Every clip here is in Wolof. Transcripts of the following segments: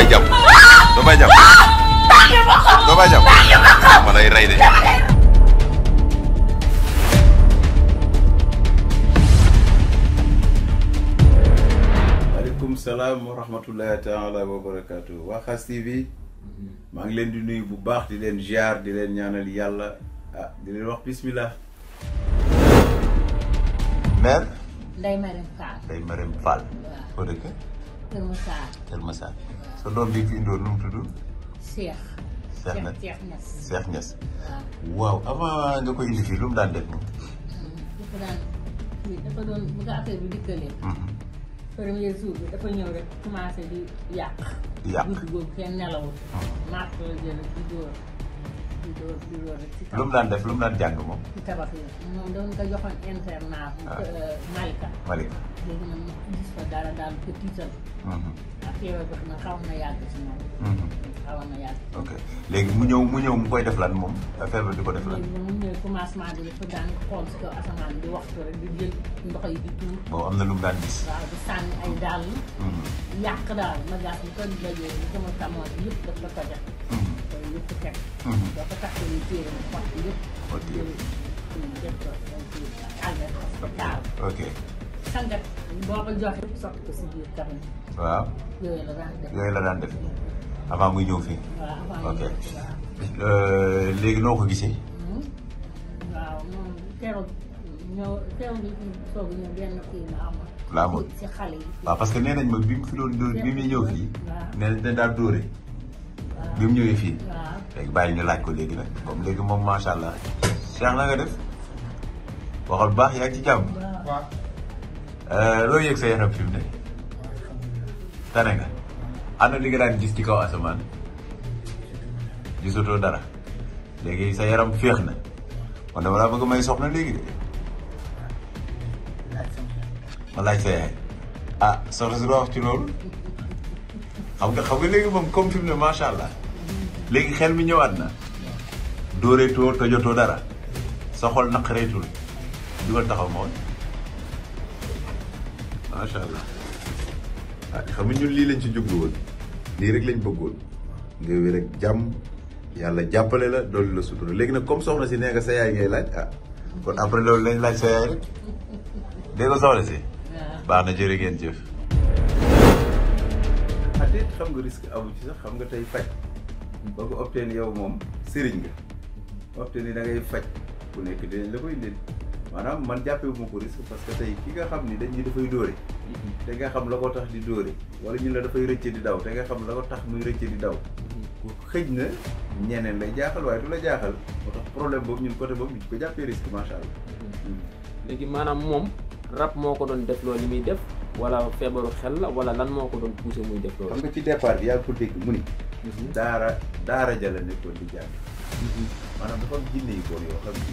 bay jàpp doo bay jàpp. doo bay jàpp ma lay rey de. maaleykum salaam wa rahmatullahi taala wa barakaatu waa Xass TV maa ngi leen di nuyu bu baax di leen ziar di leen ñaanal yàlla ah di leen wax bismillah. mère. Ndeye Marème Fall. Ndeye Marème Fall. waaw Kër Massar. Kër Massar sa doom bi fi indoon nu mu tudd. Cheikh. Cheikh na Cheikh Niass Cheikh Niass. waaw avant nga koy indi fii lu mu daan def moom. dafa daan dafa doon bu ko affaire bi dikkalee. Mhm. premier jour bi dafa ñëw rek commencé di yàq. yàq guddi googu kenn nelawul. naaf mhm. la jël di dóor. lu mu daan def lu mu daan jàng moom. ci tabax yi moom doon ko joxoon internat. Ah. Euh, Malika. Malika léegi nag ñu gis fa dara mhm. na yàgg si moom. Mhm. na yàgg. ok léegi mu ñëw mu ñëw mu koy def lan moom feebar di ko def lan. léegi mu ñëw commencement bi dafa daan xool si kaw asamaan bi waxtu rek di jël ndox yi di tuur. boobu am na lu mu daan gis. waaw di sànni ay dàll. Mhm. yàq daal magasin bi ko dajee bi sama tamoon yëpp daf la ko def. yëpp teg. waaw yooyu la daan def avant muy ñëw fii. waaw léegi noo ko gisee. waaw moom waaw parce que nee nañ ma bi mu fi doon dóor bi muy ñëw fii. waaw nee daal dóore. bi mu ñëwee fii. léegi bàyyi ñu laaj ko léegi nag comme léegi moom macha allah Cheikh na nga def waxal baax yaa ngi ci jàmm. waaw. Euh, loo yëg sa yaram fi mu ne. tane nga. am na li nga daan gis ci kaw asamaan. gisatoo dara. léegi sa yaram féex na. kon dama laa bëgg may soxna léegi de. ma laaj sa yaay. ah soxna si loo wax ci loolu. xam nga xam nga léegi moom comme fi ne macha allah. léegi xel mi ñëwaat na dóoreetoo tojotoo dara sa xol naqareetul dugal taxaw ma woon allah ah xam nga ñun lii lañ ci jublu lii rek lañ bëggoon nga wér rek jàmm yàlla jàppale la doolu la sutura léegi nag comme soxna si nee nga sa yaay ngay laaj ah kon après loolu lañ laaj sa yaay rek dégg nga soxna si. baax na jërë gen jëf. ah xam nga risque amu ci sax xam nga tey faj. ba ko obtenu yow moom sëriñ nga obtenu da ngay faj ku nekk dinañ la koy indil maanaam man jàppee bu ko risque parce que tey ki nga xam ni dañ ñu dafay dóore te nga xam la ko tax di dóore wala ñu la dafay rëcce di daw te nga xam la ko tax muy rëcce di daw ku xëj na ñeneen lay jaaxal waaye du la jaaxal moo tax problème boobu ñun côté boobu ko jàppee risque macha allah. Hmm. léegi maanaam moom rab moo ko doon def loolu muy def wala feebaru xel la wala lan moo ko doon poussé muy def loolu. xam nga ci départ bi yaa ngi mu mhm. daara daara ja la nekkoon di jàng mhm. maanaam dafa am jinne yi koon yoo xam ni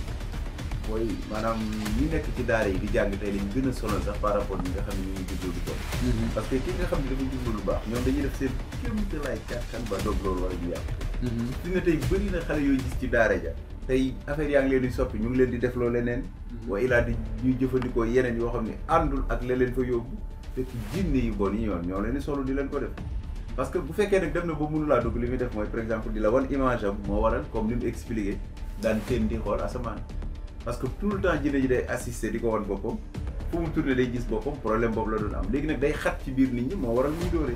mooy maanaam ñi nekk ci daara yi di jàng tey lañ gën a solo sa par rapport ñi nga xam ne ñu ngi jublu lu mhm. parce que ki nga xam ne dafa jublu lu baax ñoom dañuy def seen kéem lay kàttan ba doog loolu wala ñu yàq ja tey affaire yaa ngi leen di soppi ñu ngi leen di def loo leneen wa ilaa di ñuy jëfandikoo yeneen yoo xam ne àndul ak la leen fa yóbbu te ci jinne yu bon yi ñoon ñoo leen di solu di leen ko def parce que bu fekkee nag dem na ba mënulaa dugg li muy def mooy par exemple di la wan image am moo waral comme ni mu expliqué daan teen di xool asamaan parce que tout le temps jinne ji day assister di ko wan boppam fu mu tourné day gis boppam problème boobu la doon am léegi nag day xat ci biir nit ñi moo waral muy dóore.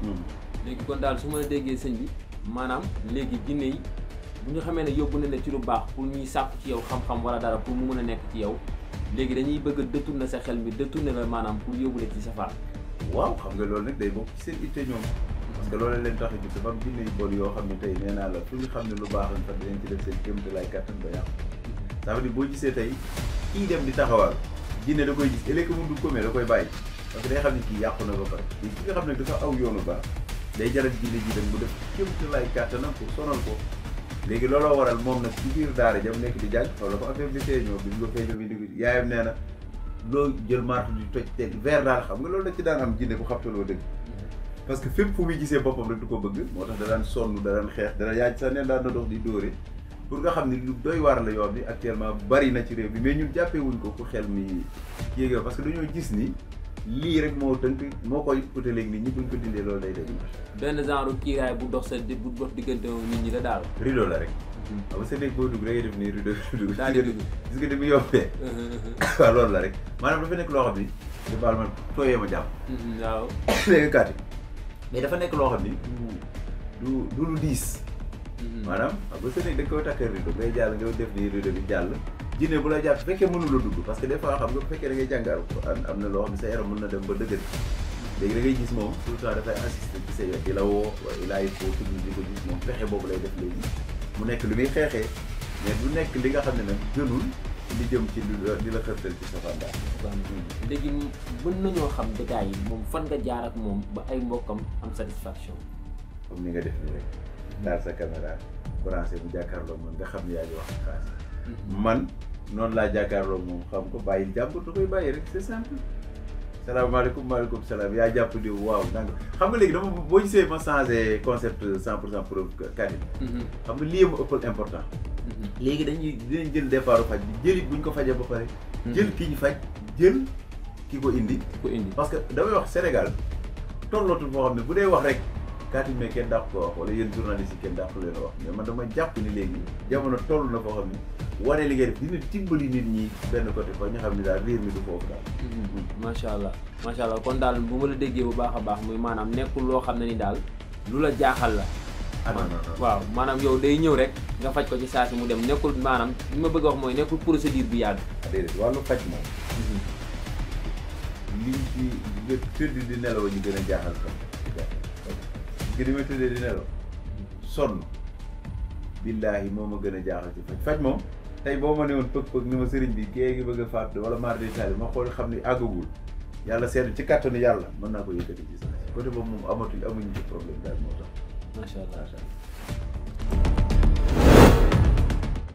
Hmm. léegi kon daal su ma déggee sëñ bi maanaam léegi jinne yi bu ñu xamee ne yóbbu na la ci lu baax pour ñuy sàkku ci yow xam-xam wala dara pour mu mën a nekk ci yow léegi dañuy bëgg a détourner sa xel mi détourner la maanaam pour yóbbu la ci safaan waaw xam nga loolu nag day bokk ci seen itte ñoom parce que loolu leen tax a dafa am yu bon yoo xam ne tey nee naa la fu ñu xam ne lu baax lañ fa dinañ ci def seen kéem te lay kàttan ba yàqu di taxawal diine koy gis ëllëg mu dugg koy bàyyi parce que day xam ne kii yàqu na ba pare nga xam ne dafa aw yoonu baax day jaral diine ji dem mu def kéem te lay kàttanam pour sonal ko léegi looloo waral moom nag ci biir daara jam nekk di jàng loolu ko affaire bi feeñoo bi ñu ko feeñoo bi yaayam nee na loo jël marto di toj teg verre daal xam nga loolu dañ ci daan am jinne bu xabtaloo dëgg parce que fépp fu muy gisee boppam rek du ko bëgg moo tax da daan sonn xeex dana yaaj sax neen daan na di dóore pour nga xam ni lu doy waar la yoon bi actuellement bari na ci réew bi mais ñun jàppee wuñ ko ku xel mi yéegee parce que dañoo gis ni lii rek moo tënk moo koy utaleeg nit ñi buñ ko dindee loolu day def benn genre kiiraay bu dox sa bu dox diggante nit ñi la daal rideau la rek waaw ba sa néeg boo dugg da ngay def nii dugg dugg gis nga ni mu yombee waaw mm-hmm. loolu la rek maanaam dafa nekk loo xam ni di baal man tooyee ma jàpp mm-hmm, waaw léegi kàtti mm-hmm. mais dafa nekk loo xam ni du du lu diis maanaam ba sa néeg da nga koy takkal rido ngay jàll nga def nii rido bi jàll jinne bu la jàpp su fekkee mënul a dugg parce que des fois xam nga bu fekkee da ngay jàng alxuraan am na loo xam ne sa yaram mën na dem ba dëgër léegi da ngay gis moom tout le temps dafay insister ci sa yoon di la woo ilaayi foo tudd di ko gis moom fexe boobu lay def léegi mu nekk li muy xeexee mais bu nekk li nga xam ne nag gënul li jëm ci li la xërtal ci sa fandaar léegi mën nañoo xam dégâts yi moom fan nga jaar ak moom ba ay mbokkam am satisfaction comme ni nga def nii rek daal sa caméra branché mu jàkkaarloo man nga xam ne yaa ngi wax français mm-hmm. man noonu laa jàkkaarloo moom xam ko bàyyi jàmbur da koy bàyyi rek c'est simple salaamaaleykum maaleykum salaam yaa jàpp diw waaw nanga xam nga léegi dama boo see ma changé concept cent pour cent pour Karim mhm. xam nga lii ma ëppal important mhm. léegi dañuy dinañ jël départu faj bi jëlit buñ ko fajee ba pare mhm. jël ki ñu faj jël ki ko indi ko indi parce que damay wax Sénégal tollootul foo xam ne bu dee wax rek kaatime kenn dàq ko wax wala yéen journaliste yi kenn dàq leen wax man dama jàpp ni léegi jamono toll na ko xam ni wane li ngay def timbali nit ñi benn côté fa ñu xam daal réer mi du foofu daal mm-hmm. macha allah macha allah kon daal bu ma la déggee bu baax a baax muy maanaam nekkul loo xam ne ni daal lu la jaaxal la ah, waaw maanaam yow day ñëw rek nga faj ko ci saa si mu dem nekkul maanaam li ma bëgg a wax mooy nekkul procédure bi yàgg ah, déedéet wàllu faj moom mm-hmm. liñ ci nga tëdd di nelaw ñu gën a jaaxal ko nga di ma tëddee di nelaw sonn billaahi moo ma gën a jaaxal ci faj faj moom tey boo ma newoon pëg pëg ni ma sëriñ bi kee ngi bëgg a fàtt wala mardi tali ma xool xam ni àggagul yàlla seetlu ci kàttanu yàlla mën naa ko yëkkati ci sa côté boobu moom amatuñ amuñu ci problème daal moo tax